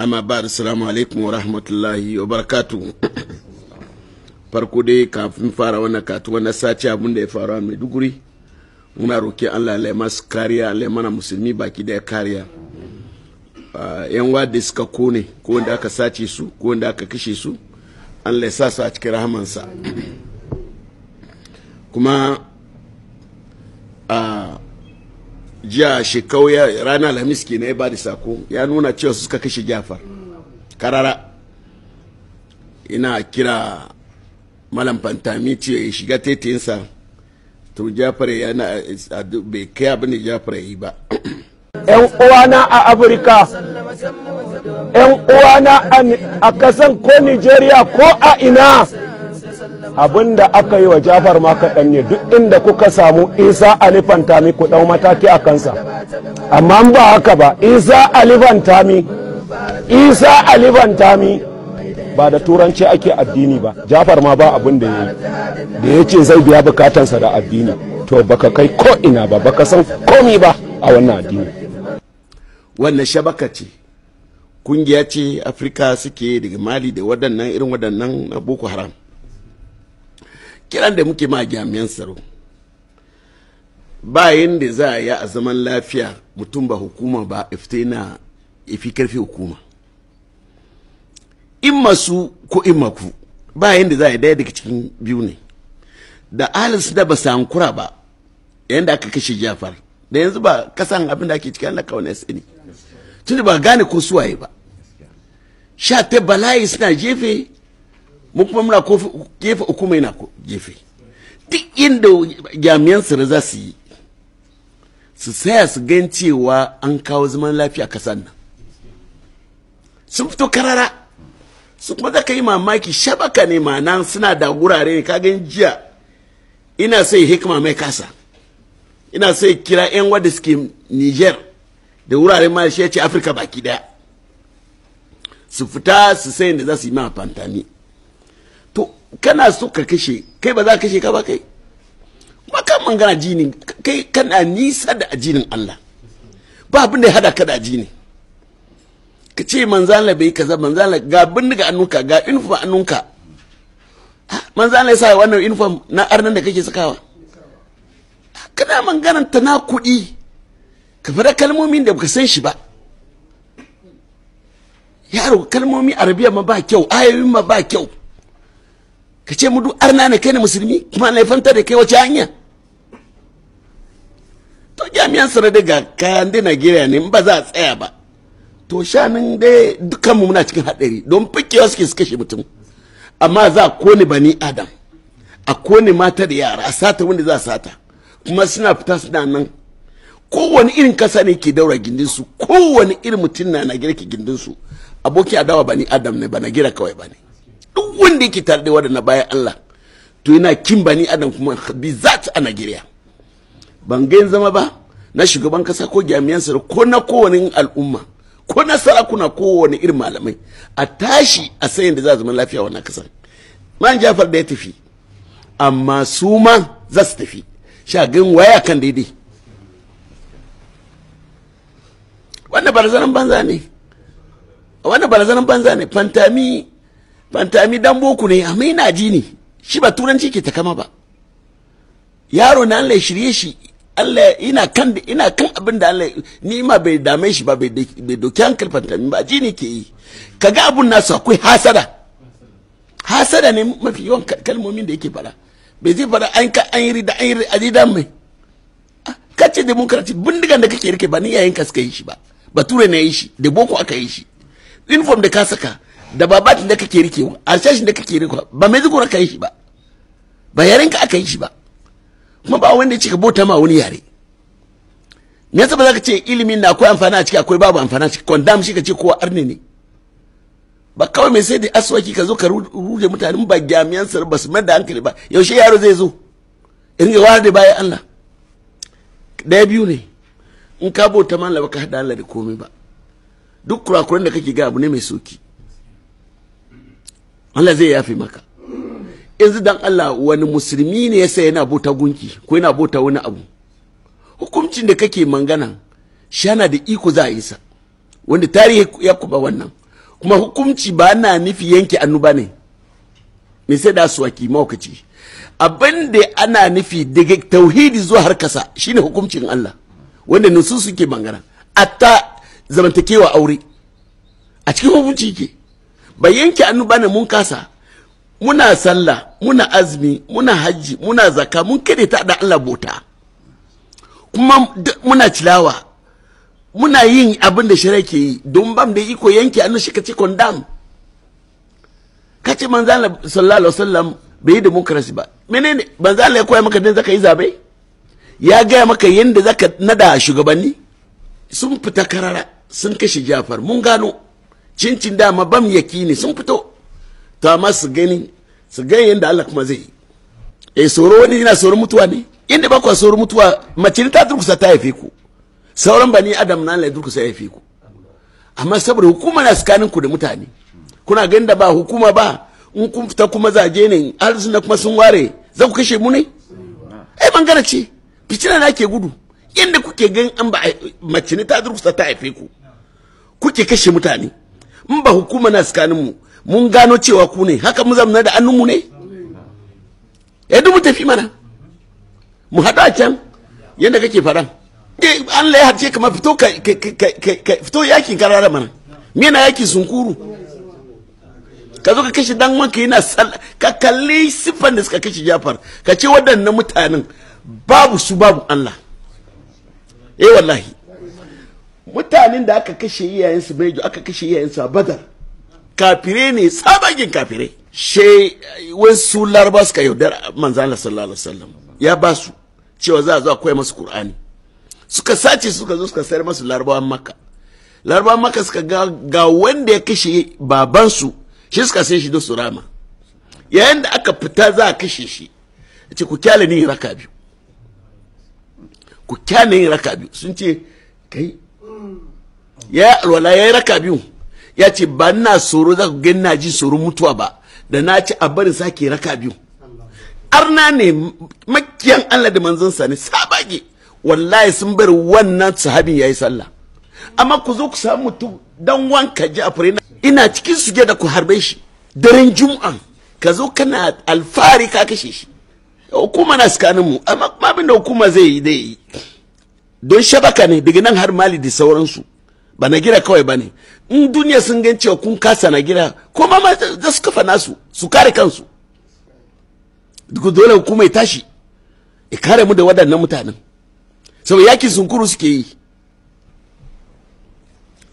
amma ba da salamu alaikum wa rahmatullahi wa barakatu farko dai kafin fara wannan katu wannan sace abin da ya faru a maiduguri muna roki allah ya masu kariya allah mana musulmi baki ya kariya ah, yan wadda suka kone ko wanda aka sace su ko wanda aka kashe su allah ya sa su a cikin rahamansa kuma jiya shekau ya rana alhamis ke ya bada sako ya nuna cewa suka kashe jafar karara ina kira malam fantami ce ya shiga taitayinsa to jafar yana bai kai abin da jafar ya yi ba yan uwana a afirka yan uwana a kasan ko nigeria ko a ina da aka yi wa jafar ma kaɗan ne duk inda kuka samu isa alifantami ku ɗau mataki a kansa amma ba haka ba isa alifantami isa ba da turanci ake addini ba jafar ma ba abin da ya yi da ya ce zai biya bukatansa da addini to ka kai ko ina ba baka san komi ba a wannan addini wannan shabaka ce kungiya ce afirka suke daga mali da waɗannan irin waɗannan boko haram kiran da muke ma jami'an tsaro bayan da za a yi a zaman lafiya mutum ba hukuma ba ifte na ifi karfi hukuma in masu ko in maku bayan da za a yi daya daga cikin biyu ne da alis da ba su hankura ba yayin da aka kashe jafar da yanzu ba kasan abin da ake cikin wani kawai sani tunda ba gane ko suwaye ba sha ta bala'i suna jefe mu kuma muna kefa hukuma yana na duk inda jami'an tsaro za su yi su saya su gan cewa an kawo zaman lafiya kasar nan sun fito karara su kuma za ka yi mamaki shabaka ne ma'ana suna da wurare ne kagan jiya ina sai hikima mai kasa ina sai kira 'yan wadda suke niger da wuraren ma shi ya ce afirka baki daya su fita su sayin da za su yi ma fantani kana so ka kashe kai ba za ka kashe ka ba kai kuma kan gana jini kai kana nisa da ajinin Allah ba abin da ya hada ka da ajini ka ce manzala bai kaza manzala ga bindiga annunka ga uniform annunka manzala ya sa wannan uniform na arnan da kake sakawa kana mangana ta na kuɗi ka fara kalmomin da baka san shi ba yaro kalmomi arabiya ma ba kyau ayoyin ma ba kyau ka ce mu duk arna ne kai ne musulmi kuma laifanta da kai wace hanya to jami'an tsaro daga kayan da gira ne ba za a tsaya ba to shanin dai mu muna cikin haɗari don fikewa suke su kashe mutum amma za a kone bani adam a kone mata da yara a sata wanda za a sata kuma suna fita suna nan kowane irin kasa ne ke daura gindinsu kowane irin mutum na na ke gindinsu aboki adawa bani adam ne ba na kawai ba ne duk wanda yake tare da waɗanda bayan Allah to yana kin bani adam kuma zat a Najeriya ban ga zama ba na shugaban kasa ko jami'an tsaro ko na kowane al'umma ko na sarakuna ko wani irin malamai a tashi a sayin da za zama lafiya wannan kasa man jafar da ya tafi amma su ma za su tafi shagin waya kan daidai wannan barazanar banza ne wannan barazanar banza ne fantami fantami dan boko ne amma ina ji ne shi ba turanci ke ta kama ba yaro na Allah ya shirye shi Allah ina kan ina kan abin da Allah ma bai dame shi ba bai doki hankali fantami ba ji ne ke yi kaga abun nasu akwai hasada hasada ne mafi yawan kalmomin da yake fara bai zai fara an ka an yi rida an yi rida mai ah, kace demokraci bindigan da kake rike ba ni yayin ka suka yi shi ba bature ne yi shi da boko aka yi shi uniform da ka saka da babatin da kake rikewa arshashin da kake rikewa ba mai zikura ka yi shi ba ba yaren ka aka yi shi ba kuma ba wanda ya ce ka bota ma wani yare me yasa ba za ka ce ilimin na akwai amfani a ciki akwai babu amfani a ciki condam shi ka ce kowa arne ne ba kawai mai sai da aswaki ka zo ka ruje mutanen ba jami'an sar ba su da hankali ba yaushe yaro zai zo in ga wani da bayan Allah daya biyu ne in ka bauta mallam ka hada Allah da komai ba duk kurakuran da kake ga abu ne mai soki Allah zai yafe maka yanzu dan Allah wani musulmi ne yasa yana bota gunki ko yana bota wani abu hukuncin da kake mangana shana da iko za a yi sa wanda tarihi ya kuba wannan kuma hukunci ba na nufi yanke annu ba ne me sai da su waki maukaci abin da ana nufi daga tauhidi zuwa har kasa shine hukuncin Allah wanda nusu suke mangana atta zamantakewa aure a cikin hukunci ke ba yanke annu bane mun kasa muna sallah muna azumi muna hajji muna zaka mun kade ta da Allah bota kuma muna cilawa muna yin abin da shari'a ke yi don bam da iko yanke annu shi kace ce kace manzo Allah sallallahu alaihi wasallam bai yi democracy ba menene manzo Allah ya koya maka din zaka yi zabe ya gaya maka yadda zaka nada shugabanni sun fita karara sun kashe jafar mun gano cincin dama bam yaki ne sun fito to amma su gani su gani yadda Allah kuma zai e soro wani yana soro mutuwa ne inda ba ku mutuwa mace ta durkusa ta haife ku sauran bani adam na lai durkusa ya haife ku amma saboda hukuma na tsakanin ku da mutane kuna ganin da ba hukuma ba in kun fita kuma zaje ne arzikin kuma sun ware za ku kashe mu ne ai eh, bangare ce fitina na ke gudu inda kuke gan an ba mace ta durkusa ta haife ku kuke kashe mutane in ba hukuma na tsakanin mu mun gano cewa ku ne haka mu zamna da annunmu ne ya eh, mu tafi mana mu haɗu a can yadda kake fara. Eh, an laye harce kamar fito ka fito yakin karara mana me na yakin sunkuru ka zo ka kashe dan wanka yana ka kalli siffan da suka kashe jafar ka ce waɗannan mutanen babu su babu Allah eh wallahi mutanen da aka kashe iyayensu mejo aka kashe iyayensu a badar kafire ne sabagin kafire she eh, wasu laraba suka yaudar manzana sallallahu alaihi wasallam ya ba su cewa za a zo akwai masu qur'ani suka sace suka zo suka sayar masu larabawan makka larabawan makka suka ga, ga wanda ya kashe babansu shi suka sai shi da surama rama yayin da aka fita za a kashe shi ce ku kyale ni raka biyu ku kyale ni raka biyu sun ce kai ya alwala ya yi raka biyu ya ce ba na tsoro za ku gani na ji tsoro mutuwa ba da na ci a barin sake raka biyu arna ne makiyan Allah da manzon sa ne sabage wallahi sun bar wannan sahabin yi sallah amma ku zo ku samu mutum dan wanka ji a fure ina cikin suge da ku harbe shi daren juma'a ka zo kana alfahari ka kashe shi hukuma na tsakanin mu amma abin da hukuma zai yi dai don shabaka ne daga nan har mali da sauransu ba gida kawai ba ne in duniya sun gan cewa kun kasa na gira ko ma ma za su kafa nasu su kare kansu duk dole hukuma ya tashi ya kare mu da waɗannan mutanen saboda yakin sunkuru suke yi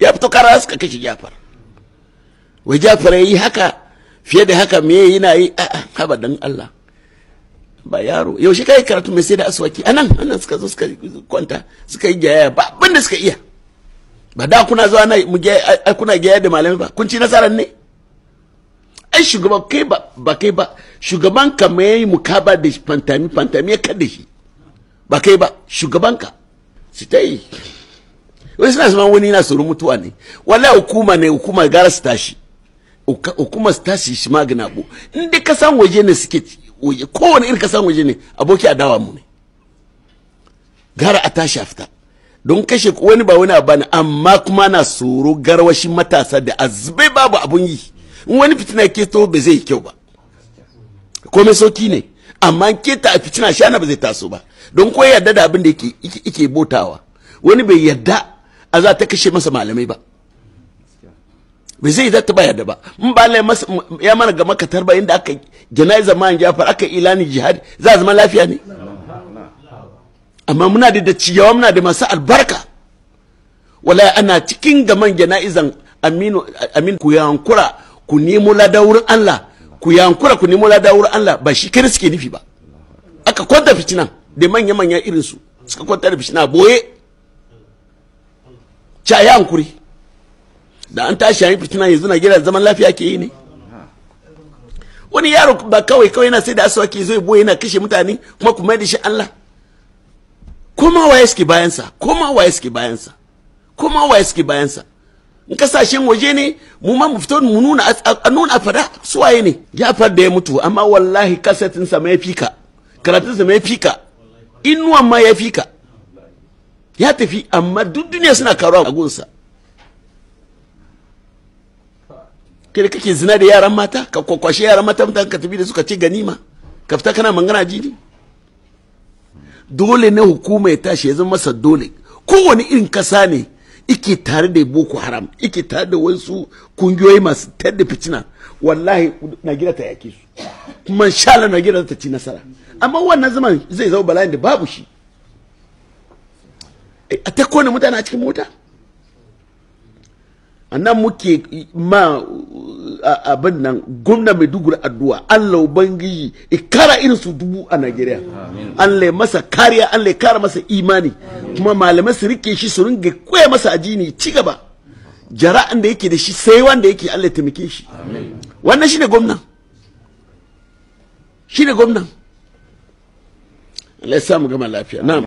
ya fito kara suka kashe Jafar wai Jafar ya yi haka fiye da haka me na yi a'a haba dan Allah ba yaro yaushe kai karatu mai sai da aswaki anan anan suka zo suka kwanta suka yi gyaya ba abin da suka iya ba da kuna zuwa na kuna gaya da malami ba kun ci nasarar ne ai shugaban kai ba ba kai ba shugaban ka mai yayi mukaba da fantami fantami ya kada shi ba kai ba shugaban ka su ta yi wai suna zama wani na tsoron mutuwa ne wallahi hukuma ne hukuma gara su tashi hukuma su tashi shi magana ko in dai ka san waje ne suke waje kowane irin ka san waje ne aboki adawa mu ne gara a tashi a fita don kashe wani ba wani abu amma kuma na tsoro garwashin matasa da azubai babu abun yi in wani fitina ke to ba zai kyau ba kome soki ne amma ke ta a fitina shana ba zai taso ba don ko yarda da abin da yake botawa wani bai yarda a za ta kashe masa malamai ba bai zai yarda ba yadda ba in ba ya mana ga makatar ba inda aka janaiza man jafar aka ilani jihadi za a zama lafiya ne amma muna da ciyawa muna da masu albarka wala ana cikin gaman jana'izan aminu amin ku yankura ku nemo ladawurin Allah ku yankura ku nemo ladawurin Allah ba shi kiri suke nufi ba aka kwanta fitinan da manya manya irin su suka kwanta da fitina boye cha ya hankuri da an tashi yayin fitina yanzu na gida zaman lafiya ke yi ne wani yaro ba kawai kawai yana sai da asuwa ke zo boye yana kashe mutane kuma kuma da shi Allah koma ya suke bayansa koma ya suke bayansa koma ya suke bayansa in kasashen waje ne mu ma mu fito mu nuna a nuna fada su waye ne ya da ya mutu amma wallahi kasatin sa mai fika karatun sa mai fika inuwa ma ya fika ya tafi amma duk duniya suna karuwa a gunsa kai kake zina da yaran mata ka kwakwashe yaran mata ka tafi da suka ci ganima ka fita kana mangana jini dole ne hukuma ya tashi ya zama masa dole kowane irin kasa ne ike tare da boko haram ike tare da wasu kungiyoyi masu tar da fitina wallahi gida ta yake su kuma shala na gida ta ci nasara amma wannan zaman zai zama bala'in da babu shi eh, a ta kone mutane a cikin mota nan muke ma abin nan gwamna maiduguri addu'a allah ubangiji ikara irin su dubu a nigeria allah masa kariya allah kara masa imani kuma malamai su rike shi su ringa koya masa ajini ci gaba jara'an da yake da shi sai wanda yake allah taimake shi wannan shine gwamna shine gwamna allah ya samu gama lafiya na'am